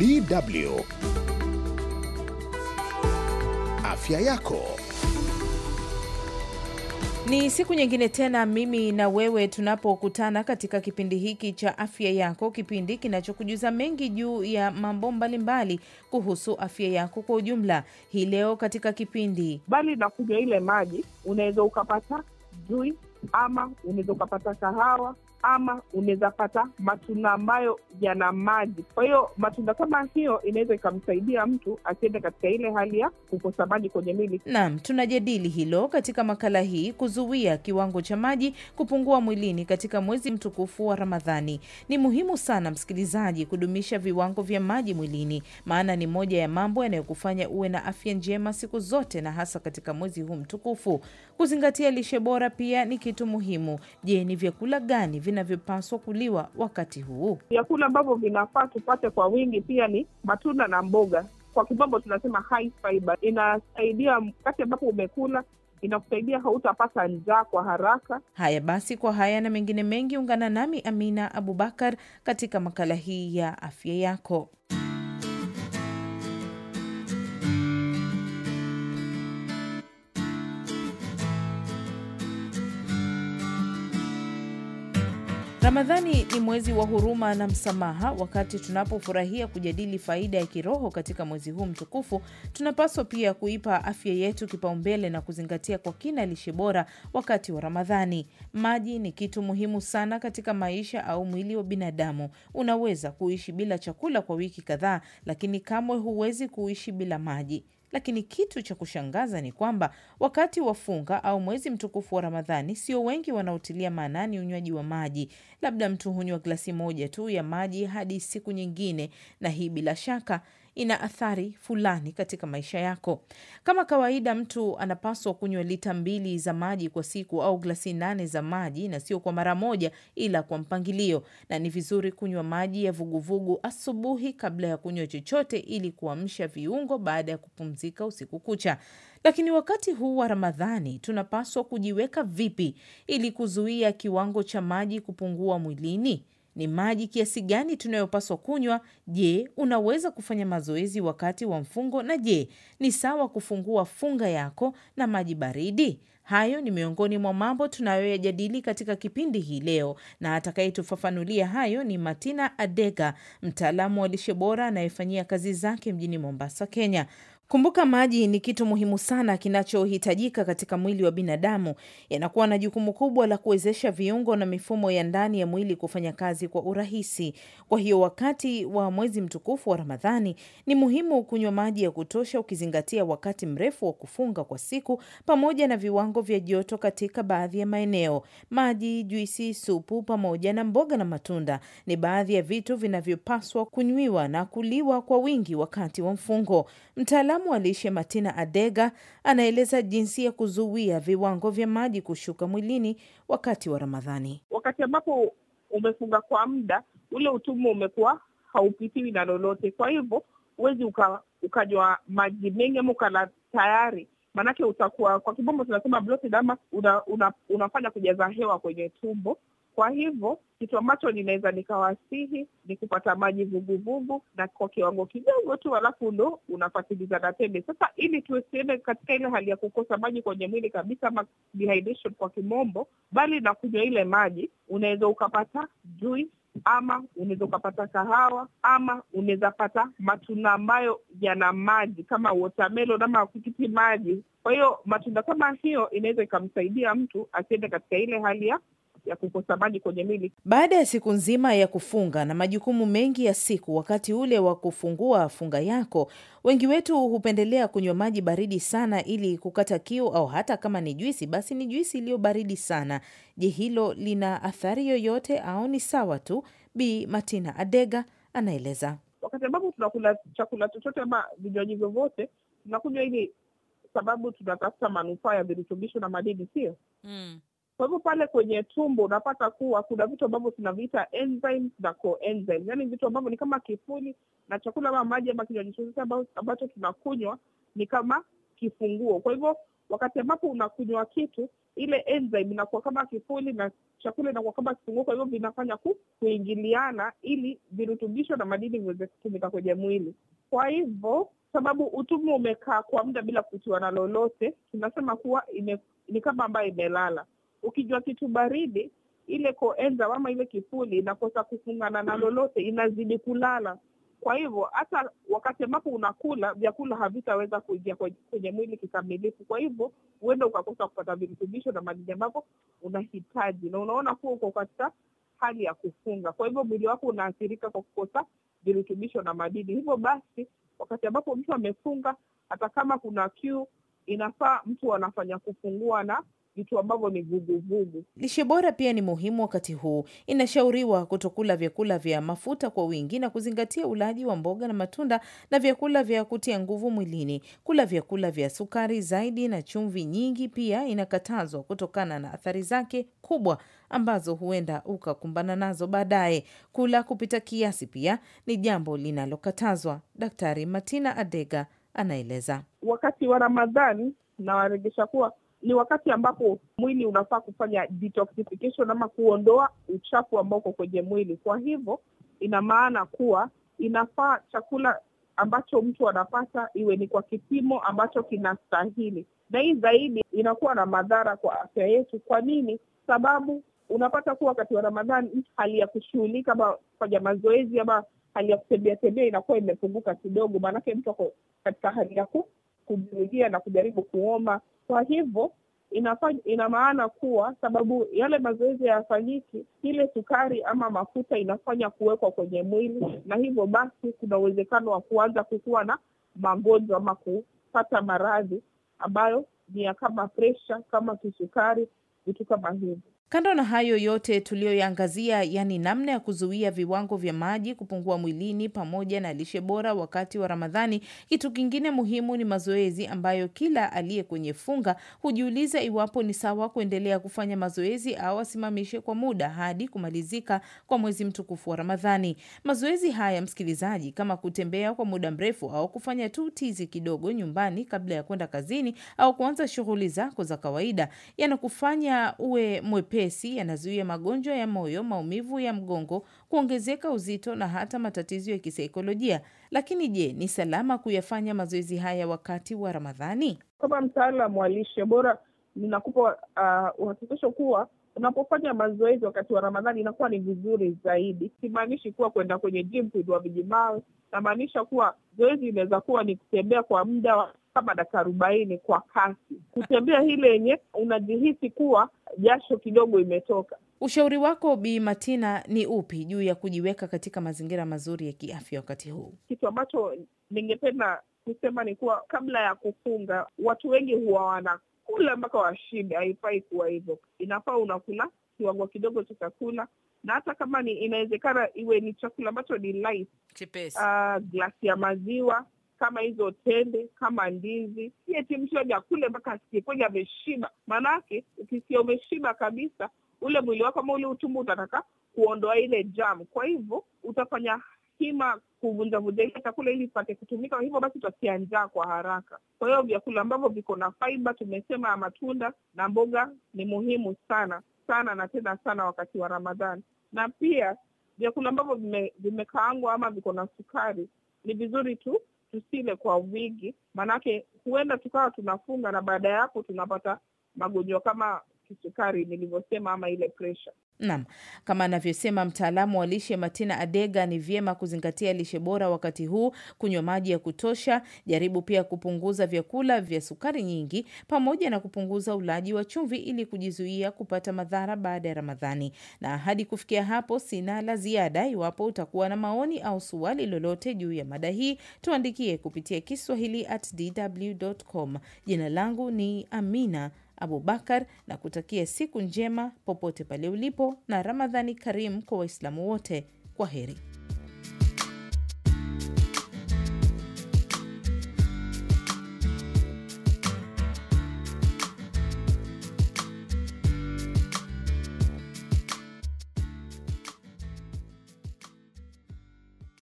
DW Afya Yako. Ni siku nyingine tena mimi na wewe tunapokutana katika kipindi hiki cha afya yako, kipindi kinachokujuza mengi juu ya mambo mbalimbali mbali kuhusu afya yako kwa ujumla. Hii leo katika kipindi, bali na kunywa ile maji, unaweza ukapata jui ama unaweza ukapata kahawa ama unaweza pata matunda ambayo yana maji. Kwa hiyo matunda kama hiyo inaweza ikamsaidia mtu asiende katika ile hali ya kukosa maji kwenye mwili. Naam, tunajadili hilo katika makala hii, kuzuia kiwango cha maji kupungua mwilini katika mwezi mtukufu wa Ramadhani. Ni muhimu sana msikilizaji, kudumisha viwango vya maji mwilini, maana ni moja ya mambo yanayokufanya uwe na afya njema siku zote, na hasa katika mwezi huu mtukufu. Kuzingatia lishe bora pia ni kitu muhimu. Je, ni vyakula gani vinavyopaswa kuliwa wakati huu? Vyakula ambavyo vinafaa tupate kwa wingi pia ni matunda na mboga, kwa kimombo tunasema high fiber. Inasaidia wakati ambapo umekula inakusaidia hautapata njaa kwa haraka. Haya basi, kwa haya na mengine mengi, ungana nami Amina Abubakar katika makala hii ya afya yako. Ramadhani ni mwezi wa huruma na msamaha. Wakati tunapofurahia kujadili faida ya kiroho katika mwezi huu mtukufu, tunapaswa pia kuipa afya yetu kipaumbele na kuzingatia kwa kina lishe bora wakati wa Ramadhani. Maji ni kitu muhimu sana katika maisha au mwili wa binadamu. Unaweza kuishi bila chakula kwa wiki kadhaa, lakini kamwe huwezi kuishi bila maji. Lakini kitu cha kushangaza ni kwamba wakati wa funga au mwezi mtukufu wa Ramadhani, sio wengi wanaotilia maanani unywaji wa maji. Labda mtu hunywa glasi moja tu ya maji hadi siku nyingine, na hii bila shaka ina athari fulani katika maisha yako. Kama kawaida, mtu anapaswa kunywa lita mbili za maji kwa siku au glasi nane za maji, na sio kwa mara moja, ila kwa mpangilio, na ni vizuri kunywa maji ya vuguvugu asubuhi kabla ya kunywa chochote, ili kuamsha viungo baada ya kupumzika usiku kucha. Lakini wakati huu wa Ramadhani tunapaswa kujiweka vipi ili kuzuia kiwango cha maji kupungua mwilini? Ni maji kiasi gani tunayopaswa kunywa? Je, unaweza kufanya mazoezi wakati wa mfungo? Na je, ni sawa kufungua funga yako na maji baridi? Hayo ni miongoni mwa mambo tunayoyajadili katika kipindi hii leo, na atakayetufafanulia hayo ni matina Adega, mtaalamu wa lishe bora anayefanyia kazi zake mjini Mombasa, Kenya. Kumbuka, maji ni kitu muhimu sana kinachohitajika katika mwili wa binadamu. Yanakuwa na jukumu kubwa la kuwezesha viungo na mifumo ya ndani ya mwili kufanya kazi kwa urahisi. Kwa hiyo, wakati wa mwezi mtukufu wa Ramadhani ni muhimu kunywa maji ya kutosha, ukizingatia wakati mrefu wa kufunga kwa siku pamoja na viwango vya joto katika baadhi ya maeneo. Maji, juisi, supu pamoja na mboga na matunda ni baadhi ya vitu vinavyopaswa kunywiwa na kuliwa kwa wingi wakati wa mfungo. Mtaalamu mtaalamu wa lishe Matina Adega anaeleza jinsi ya kuzuia viwango vya maji kushuka mwilini wakati wa Ramadhani. Wakati ambapo umefunga kwa muda ule, utumwa umekuwa haupitiwi na lolote, kwa hivyo huwezi uka, ukanywa maji mengi ama ukala tayari, maanake utakuwa kwa kibombo tunasema bloated ama una, una, unafanya kujaza hewa kwenye tumbo kwa hivyo kitu ambacho ninaweza nikawasihi ni kupata maji vuguvugu na kwa kiwango kidogo tu, alafu ndo unafatiliza na tende. Sasa ili tusiende katika ile hali ya kukosa maji kwenye mwili kabisa, ama dehydration kwa kimombo, bali na kunywa ile maji, unaweza ukapata jui ama unaweza ukapata kahawa ama unaweza pata matunda ambayo yana maji kama watermelon ama tikiti maji. Kwa hiyo matunda kama hiyo inaweza ikamsaidia mtu asiende katika ile hali ya ya kukosa maji kwenye mili. Baada ya siku nzima ya kufunga na majukumu mengi ya siku, wakati ule wa kufungua funga yako, wengi wetu hupendelea kunywa maji baridi sana ili kukata kiu, au hata kama ni juisi, basi ni juisi iliyo baridi sana. Je, hilo lina athari yoyote au ni sawa tu? Bi Martina Adega anaeleza. Wakati ambapo tunakula chakula chochote ama vinywaji vyovyote, tunakunywa ili sababu tunatafuta manufaa ya virutubisho na madini, sio mm. Kwa hivyo pale kwenye tumbo unapata kuwa kuna vitu ambavyo tunaviita enzymes na coenzymes, yaani vitu ambavyo ni kama kifuli na chakula ama maji ama kinywaji chochote ambacho tunakunywa ni kama kifunguo. Kwa hivyo wakati ambapo unakunywa kitu, ile enzyme inakuwa kama kifuli na chakula inakuwa kama kifunguo, kwa hivyo vinafanya ku, kuingiliana ili virutubisho na madini viweze kutumika kwenye mwili. Kwa hivyo sababu utumbo umekaa kwa muda bila kutiwa na lolote, tunasema kuwa ime, ni kama ambayo imelala Ukijua kitu baridi, ile koenza ama ile kifuli inakosa kufungana na lolote, inazidi kulala. Kwa hivyo hata wakati ambapo unakula vyakula havitaweza kuingia kwenye mwili kikamilifu. Kwa hivyo huenda ukakosa kupata virutubisho na madini ambapo unahitaji, na unaona kuwa uko katika hali ya kufunga. Kwa hivyo mwili wako unaathirika kwa kukosa virutubisho na madini. Hivyo basi, wakati ambapo mtu amefunga, hata kama kuna kiu, inafaa mtu anafanya kufungua na vitu ambavyo ni vuguvugu. Lishe bora pia ni muhimu wakati huu. Inashauriwa kutokula vyakula vya mafuta kwa wingi na kuzingatia ulaji wa mboga na matunda na vyakula vya kutia nguvu mwilini. Kula vyakula vya sukari zaidi na chumvi nyingi pia inakatazwa kutokana na athari zake kubwa ambazo huenda ukakumbana nazo baadaye. Kula kupita kiasi pia ni jambo linalokatazwa. Daktari Matina Adega anaeleza. Wakati wa Ramadhani nawaregesha kuwa ni wakati ambapo mwili unafaa kufanya detoxification ama kuondoa uchafu ambao uko kwenye mwili. Kwa hivyo ina maana kuwa inafaa chakula ambacho mtu anapata iwe ni kwa kipimo ambacho kinastahili, na hii zaidi inakuwa na madhara kwa afya yetu. Kwa nini? Sababu unapata kuwa wakati wa Ramadhani mtu hali ya kushughulika ama kufanya mazoezi ama hali ya kutembea tembea inakuwa imepunguka kidogo, maanake mtu ako katika hali ya ku kujirudia na kujaribu kuoma. Kwa hivyo inafanya, ina maana kuwa sababu yale mazoezi hayafanyiki, ile sukari ama mafuta inafanya kuwekwa kwenye mwili, na hivyo basi kuna uwezekano wa kuanza kukuwa na magonjwa ama kupata maradhi ambayo ni ya kama presha, kama kisukari, vitu kama hivyo. Kando na hayo yote tuliyoyaangazia, yaani namna ya kuzuia viwango vya maji kupungua mwilini pamoja na lishe bora wakati wa Ramadhani, kitu kingine muhimu ni mazoezi, ambayo kila aliye kwenye funga hujiuliza iwapo ni sawa kuendelea kufanya mazoezi au asimamishe kwa muda hadi kumalizika kwa mwezi mtukufu wa Ramadhani. Mazoezi haya, msikilizaji, kama kutembea kwa muda mrefu au kufanya tu tizi kidogo nyumbani kabla ya kwenda kazini au kuanza shughuli zako za kawaida, yanakufanya uwe mwepe stresi yanazuia magonjwa ya moyo, maumivu ya mgongo, kuongezeka uzito na hata matatizo ya kisaikolojia. Lakini je, ni salama kuyafanya mazoezi haya wakati wa Ramadhani? Kama mtaalamu wa lishe bora, ninakupa uh, uhakikisho uh, kuwa unapofanya mazoezi wakati wa Ramadhani inakuwa ni vizuri zaidi. Simaanishi kuwa kwenda kwenye gym kuinua vijimawe, namaanisha kuwa zoezi inaweza kuwa ni kutembea kwa muda wa kama dakika arobaini kwa kasi. Kutembea hii lenye unajihisi kuwa jasho kidogo imetoka. Ushauri wako Bi Matina ni upi juu ya kujiweka katika mazingira mazuri ya kiafya wakati huu? Kitu ambacho ningependa kusema ni kuwa kabla ya kufunga, watu wengi huwa wanakula mpaka washibe. Haifai kuwa hivyo, inafaa unakula kiwango kidogo cha chakula na hata kama ni inawezekana iwe ni chakula ambacho ni light, chepesi, uh, glasi ya maziwa kama hizo tende, kama ndizi, yetimshoja kule mpaka asikie ameshiba. Maanake ukisikia umeshiba kabisa, ule mwili wako ama ule utumbu utataka kuondoa ile jam kwa hivyo utafanya hima kuvunjavunja ile chakula ili ipate kutumika. Kwa hivyo basi utasikia njaa kwa haraka. Kwa hiyo vyakula ambavyo viko na faiba, tumesema ya matunda na mboga ni muhimu sana sana na tena sana wakati wa Ramadhani, na pia vyakula ambavyo vimekaangwa vime ama viko na sukari ni vizuri tu tusile kwa wingi, maanake huenda tukawa tunafunga na baada ya hapo tunapata magonjwa kama kisukari nilivyosema, ama ile presha. nam kama anavyosema mtaalamu wa lishe matina Adega, ni vyema kuzingatia lishe bora wakati huu, kunywa maji ya kutosha, jaribu pia kupunguza vyakula vya sukari nyingi, pamoja na kupunguza ulaji wa chumvi ili kujizuia kupata madhara baada ya Ramadhani. Na hadi kufikia hapo, sina la ziada. Iwapo utakuwa na maoni au suali lolote juu ya mada hii, tuandikie kupitia Kiswahili at dw.com. Jina langu ni Amina Abubakar na kutakia siku njema popote pale ulipo na Ramadhani karimu kwa Waislamu wote. Kwa heri.